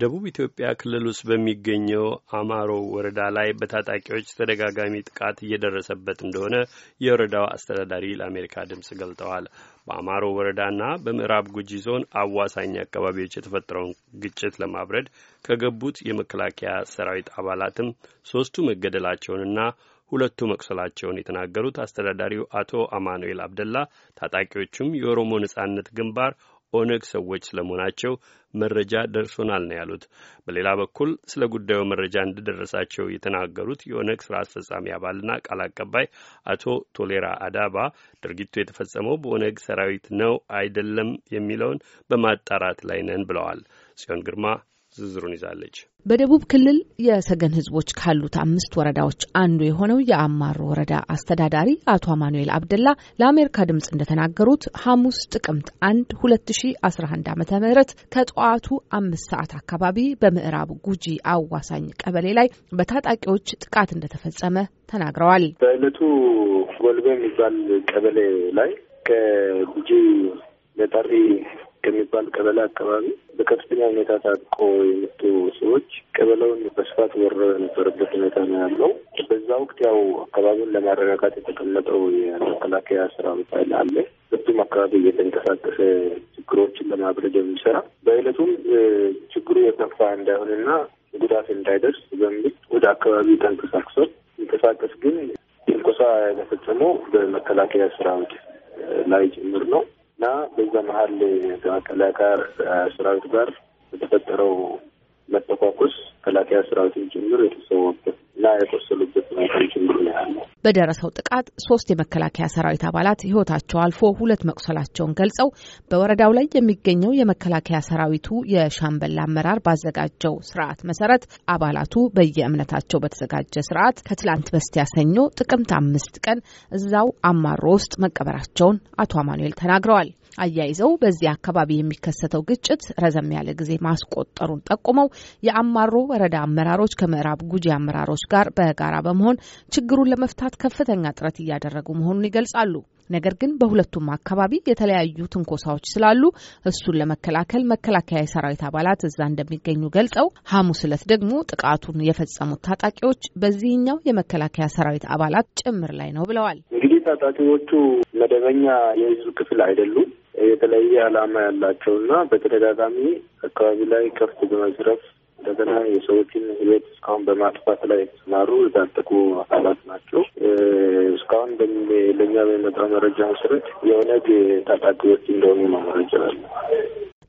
ደቡብ ኢትዮጵያ ክልል ውስጥ በሚገኘው አማሮ ወረዳ ላይ በታጣቂዎች ተደጋጋሚ ጥቃት እየደረሰበት እንደሆነ የወረዳው አስተዳዳሪ ለአሜሪካ ድምፅ ገልጠዋል። በአማሮ ወረዳና በምዕራብ ጉጂ ዞን አዋሳኝ አካባቢዎች የተፈጠረውን ግጭት ለማብረድ ከገቡት የመከላከያ ሰራዊት አባላትም ሶስቱ መገደላቸውንና ሁለቱ መቁሰላቸውን የተናገሩት አስተዳዳሪው አቶ አማኑኤል አብደላ ታጣቂዎቹም የኦሮሞ ነጻነት ግንባር ኦነግ ሰዎች ስለመሆናቸው መረጃ ደርሶናል ነው ያሉት። በሌላ በኩል ስለ ጉዳዩ መረጃ እንደደረሳቸው የተናገሩት የኦነግ ስራ አስፈጻሚ አባልና ቃል አቀባይ አቶ ቶሌራ አዳባ ድርጊቱ የተፈጸመው በኦነግ ሰራዊት ነው አይደለም የሚለውን በማጣራት ላይ ነን ብለዋል። ጽዮን ግርማ ዝርዝሩን ይዛለች። በደቡብ ክልል የሰገን ህዝቦች ካሉት አምስት ወረዳዎች አንዱ የሆነው የአማሮ ወረዳ አስተዳዳሪ አቶ አማኑኤል አብደላ ለአሜሪካ ድምጽ እንደተናገሩት ሐሙስ ጥቅምት አንድ ሁለት ሺ አስራ አንድ ዓመተ ምህረት ከጠዋቱ አምስት ሰዓት አካባቢ በምዕራብ ጉጂ አዋሳኝ ቀበሌ ላይ በታጣቂዎች ጥቃት እንደተፈጸመ ተናግረዋል። በእለቱ ጎልበ የሚባል ቀበሌ ላይ ከጉጂ ለጠሪ ከሚባል ቀበሌ አካባቢ በከፍተኛ ሁኔታ ታጥቆ የመጡ ሰዎች ቀበለውን በስፋት ወረው የነበረበት ሁኔታ ነው ያለው። በዛ ወቅት ያው አካባቢውን ለማረጋጋት የተቀመጠው የመከላከያ ሰራዊት ኃይል አለ። ሁለቱም አካባቢ እየተንቀሳቀሰ ችግሮችን ለማብረድ የሚሰራ በዕለቱም ችግሩ የከፋ እንዳይሆንና ጉዳት እንዳይደርስ በሚል ወደ አካባቢ ተንቀሳቅሶ ሲንቀሳቀስ ግን ትንኮሳ የተፈጸመው በመከላከያ ሰራዊት ላይ ጭምር ነው። እና በዛ መሀል ከመከላከያ ጋር ሰራዊት ጋር የተፈጠረው መተኳኩስ መከላከያ ሰራዊትን ጭምር የተሰወበት እና የቆሰሉበት ሁኔታ ጭምር ነው ያለው። በደረሰው ጥቃት ሶስት የመከላከያ ሰራዊት አባላት ህይወታቸው አልፎ ሁለት መቁሰላቸውን ገልጸው በወረዳው ላይ የሚገኘው የመከላከያ ሰራዊቱ የሻምበላ አመራር ባዘጋጀው ስርዓት መሰረት አባላቱ በየእምነታቸው በተዘጋጀ ስርዓት ከትላንት በስቲያ ሰኞ ጥቅምት አምስት ቀን እዛው አማሮ ውስጥ መቀበራቸውን አቶ አማኑኤል ተናግረዋል። አያይዘው በዚህ አካባቢ የሚከሰተው ግጭት ረዘም ያለ ጊዜ ማስቆጠሩን ጠቁመው የአማሮ ወረዳ አመራሮች ከምዕራብ ጉጂ አመራሮች ጋር በጋራ በመሆን ችግሩን ለመፍታት ለማጥፋት ከፍተኛ ጥረት እያደረጉ መሆኑን ይገልጻሉ። ነገር ግን በሁለቱም አካባቢ የተለያዩ ትንኮሳዎች ስላሉ እሱን ለመከላከል መከላከያ የሰራዊት አባላት እዛ እንደሚገኙ ገልጸው ሐሙስ ዕለት ደግሞ ጥቃቱን የፈጸሙት ታጣቂዎች በዚህኛው የመከላከያ ሰራዊት አባላት ጭምር ላይ ነው ብለዋል። እንግዲህ ታጣቂዎቹ መደበኛ የህዝብ ክፍል አይደሉም። የተለያየ ዓላማ ያላቸውና በተደጋጋሚ አካባቢ ላይ ከፍት በመዝረፍ እንደገና የሰዎችን ህይወት እስካሁን በማጥፋት ላይ የተሰማሩ የታጠቁ አካላት ናቸው። እስካሁን ለእኛ በመጣው መረጃ መሰረት የኦነግ ታጣቂዎች እንደሆኑ ነው መረጃ ያለ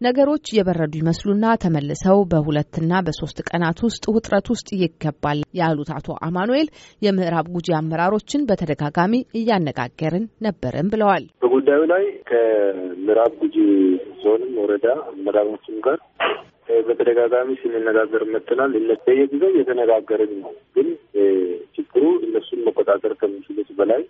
ነገሮች የበረዱ ይመስሉና ተመልሰው በሁለትና በሶስት ቀናት ውስጥ ውጥረት ውስጥ ይገባል ያሉት አቶ አማኑኤል የምዕራብ ጉጂ አመራሮችን በተደጋጋሚ እያነጋገርን ነበርም ብለዋል። በጉዳዩ ላይ ከምዕራብ ጉጂ ዞንም ወረዳ አመራሮችም ጋር በተደጋጋሚ ስንነጋገር መጥተናል። በየጊዜው እየተነጋገርን ነው። ግን ችግሩ እነሱን መቆጣጠር ከሚችሉት በላይ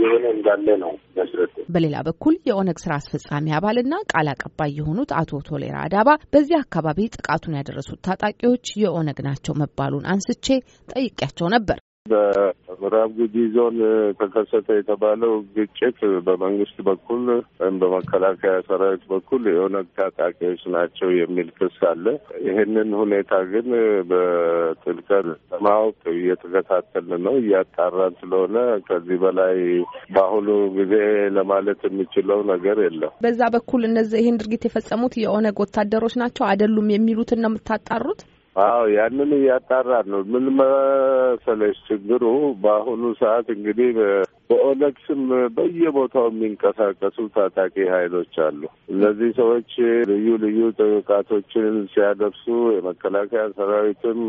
የሆነ እንዳለ ነው መስረቱ። በሌላ በኩል የኦነግ ስራ አስፈጻሚ አባልና ቃል አቀባይ የሆኑት አቶ ቶሌራ አዳባ በዚህ አካባቢ ጥቃቱን ያደረሱት ታጣቂዎች የኦነግ ናቸው መባሉን አንስቼ ጠይቄያቸው ነበር። በምዕራብ ጉጂ ዞን ተከሰተ የተባለው ግጭት በመንግስት በኩል ወይም በመከላከያ ሰራዊት በኩል የኦነግ ታጣቂዎች ናቸው የሚል ክስ አለ። ይህንን ሁኔታ ግን በጥልቀት ለማወቅ እየተከታተልን ነው፣ እያጣራን ስለሆነ ከዚህ በላይ በአሁኑ ጊዜ ለማለት የሚችለው ነገር የለም። በዛ በኩል እነዚህ ይህን ድርጊት የፈጸሙት የኦነግ ወታደሮች ናቸው አይደሉም የሚሉትን ነው የምታጣሩት? አዎ ያንን እያጣራ ነው። ምን መሰለሽ ችግሩ በአሁኑ ሰዓት እንግዲህ በኦነግ ስም በየቦታው የሚንቀሳቀሱ ታጣቂ ኃይሎች አሉ። እነዚህ ሰዎች ልዩ ልዩ ጥቃቶችን ሲያደርሱ የመከላከያ ሰራዊትም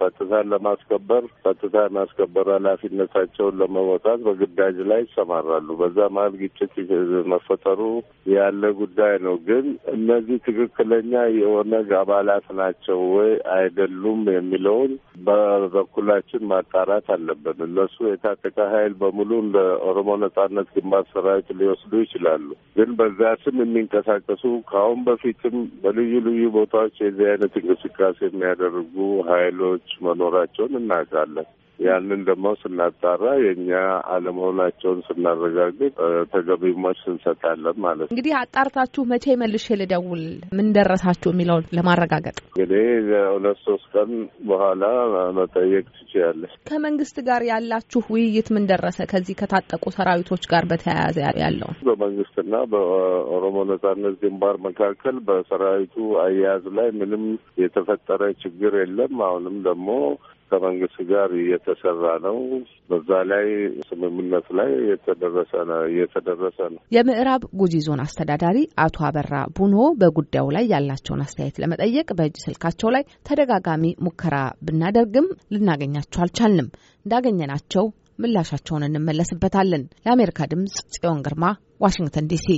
ጸጥታን ለማስከበር ጸጥታ የማስከበር ኃላፊነታቸውን ለመወጣት በግዳጅ ላይ ይሰማራሉ። በዛ መሀል ግጭት መፈጠሩ ያለ ጉዳይ ነው። ግን እነዚህ ትክክለኛ የኦነግ አባላት ናቸው ወይ አይደሉም የሚለውን በበኩላችን ማጣራት አለብን። እነሱ የታጠቀ ኃይል በሙሉ ለኦሮሞ ነጻነት ግንባር ሰራዊት ሊወስዱ ይችላሉ። ግን በዚያ ስም የሚንቀሳቀሱ ከአሁን በፊትም በልዩ ልዩ ቦታዎች የዚህ አይነት እንቅስቃሴ የሚያደርጉ ኃይሎች መኖራቸውን እናውቃለን። ያንን ደግሞ ስናጣራ የእኛ አለመሆናቸውን ስናረጋግጥ ተገቢው መልስ እንሰጣለን ማለት ነው። እንግዲህ አጣርታችሁ መቼ መልሼ ልደውል ምን ደረሳችሁ የሚለውን ለማረጋገጥ እንግዲህ ሁለት ሶስት ቀን በኋላ መጠየቅ ትችያለሽ። ከመንግስት ጋር ያላችሁ ውይይት ምን ደረሰ? ከዚህ ከታጠቁ ሰራዊቶች ጋር በተያያዘ ያለው በመንግስትና በኦሮሞ ነጻነት ግንባር መካከል በሰራዊቱ አያያዝ ላይ ምንም የተፈጠረ ችግር የለም። አሁንም ደግሞ ከመንግስት ጋር እየተሰራ ነው። በዛ ላይ ስምምነት ላይ የተደረሰ እየተደረሰ ነው። የምዕራብ ጉጂ ዞን አስተዳዳሪ አቶ አበራ ቡኖ በጉዳዩ ላይ ያላቸውን አስተያየት ለመጠየቅ በእጅ ስልካቸው ላይ ተደጋጋሚ ሙከራ ብናደርግም ልናገኛቸው አልቻልንም። እንዳገኘናቸው ምላሻቸውን እንመለስበታለን። ለአሜሪካ ድምጽ ጽዮን ግርማ ዋሽንግተን ዲሲ